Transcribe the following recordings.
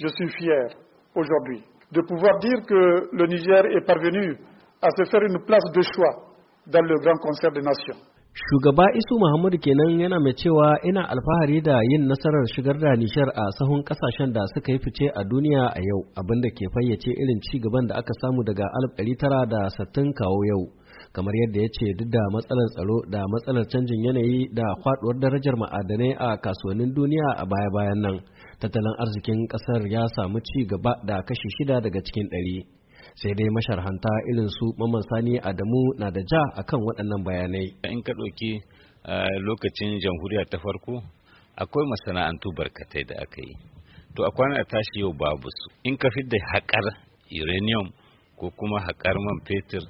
je suis fier aujourd'hui de pouvoir dire que le Niger est parvenu à se faire une place de choix dans le grand concert des nations. Shugaba Isu Muhammadu kenan yana mai cewa ina alfahari da yin nasarar shigar da Nishar a sahun kasashen da suka yi fice a duniya a yau abinda ke fayyace irin ci gaban da aka samu daga tara da 1960 kawo yau. Kamar yadda ya ce duk da matsalar tsaro da matsalar canjin yanayi da kwaduwar darajar ma'adanai a kasuwannin duniya a baya-bayan nan, tattalin arzikin ƙasar ya samu ci gaba da kashi shida daga cikin ɗari. sai dai masharhanta irin su Mamman Sani Adamu na da ja akan waɗannan bayanai. In ka ɗauki lokacin jamhuriya ta farko akwai masana'antu barkatai da aka yi. To a kwana tashi yau babu su. In ka fi da haƙar uranium ko kuma haƙar man fetur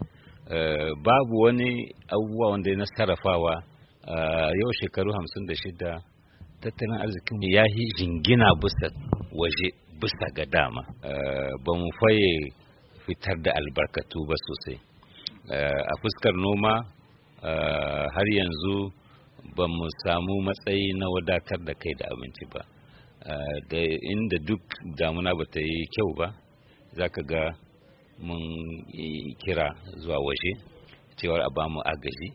babu wani abubuwa wanda na sarrafawa yau shekaru hamsin da shida tattalin arzikin ya yi jingina bisa waje bisa ga dama. Ba mu faye fitar da albarkatu ba sosai eh, a fuskar noma eh, har yanzu ba mu samu matsayi na wadatar da kai da abinci ba eh, da inda duk damuna ba ta yi kyau ba za ka ga mun kira zuwa waje cewar a bamu agaji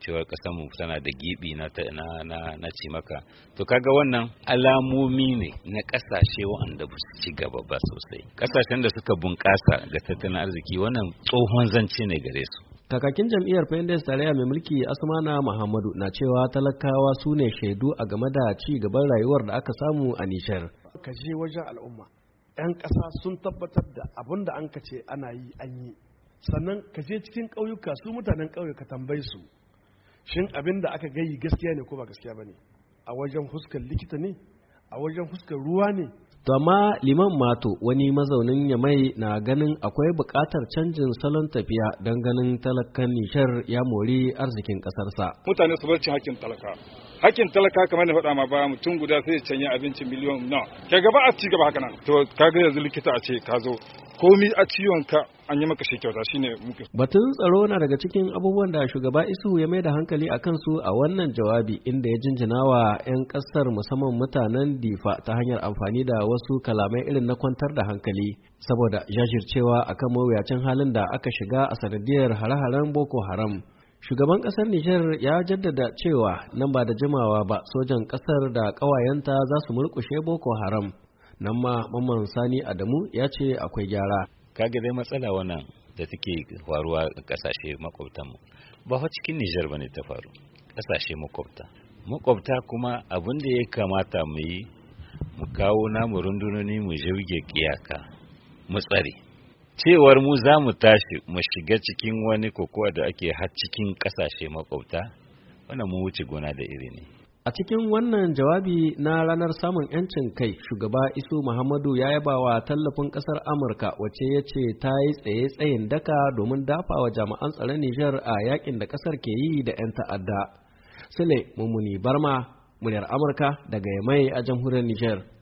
cewar ƙasar mu tana da gibi na na na, na cimaka to kaga wannan alamomi ne na ƙasashe wanda ba su ci gaba ba sosai ƙasashen da suka bunƙasa ga tattalin arziki wannan tsohon zance ne gare su Kakakin jam'iyyar Pendes tarayya mai mulki Asmana Muhammadu na cewa talakawa su ne shaidu a game da ci gaban rayuwar da aka samu a Nishar. Ka je wajen al'umma, 'yan ƙasa sun tabbatar da abin da an ka ce ana yi an yi. Sannan ka je cikin ƙauyuka su mutanen ƙauye ka tambaye su shin abin da aka gayi gaskiya ne ko ba gaskiya ba ne a wajen fuskar likita ne a wajen fuskar ruwa ne to amma liman mato wani mazaunin yamai na ganin akwai buƙatar canjin salon tafiya don ganin talakan nishar ya mori arzikin ƙasarsa mutane su barci hakin talaka hakin talaka kamar na faɗa ma ba mutum guda sai ya canya abinci miliyon na kaga ba a ci gaba haka nan to kaga yanzu likita a ce ka zo komi a ciwonka an yi maka shi kyauta shine muke batun tsaro na daga cikin abubuwan da shugaba isu ya mai da hankali a kansu a wannan jawabi inda ya jinjina wa 'yan kasar musamman mutanen difa ta hanyar amfani da wasu kalamai irin na kwantar da hankali saboda jajircewa akan mawuyacin halin da aka shiga a sanadiyar hare-haren boko haram shugaban kasar Nijar ya jaddada cewa nan ba da jimawa ba sojan kasar da ƙawayenta za su murƙushe Boko Haram nan ma mamman sani adamu ya ce akwai gyara ga dai matsala wannan da take faruwa a kasashe makwabtanmu ba fa cikin Nijar bane ta faru kasashe makwabta makwabta kuma abin da ya kamata mu yi mu kawo namu rundunoni mu jirge kiyaka mu tsare cewar mu za mu tashi mu shiga cikin wani kokowa da ake har cikin kasashe makwabta wannan mu wuce gona da iri ne A cikin wannan jawabi na ranar samun 'yancin kai, shugaba Isu Muhammadu ya yaba wa tallafin ƙasar Amurka wace ya ce ta yi tsaye-tsayin daka domin dafa wa jami'an tsaron Nijar a yakin da ƙasar ke yi da 'yan ta'adda. Sule mummuni Barma, muryar Amurka daga Yamai a jamhuriyar Nijar.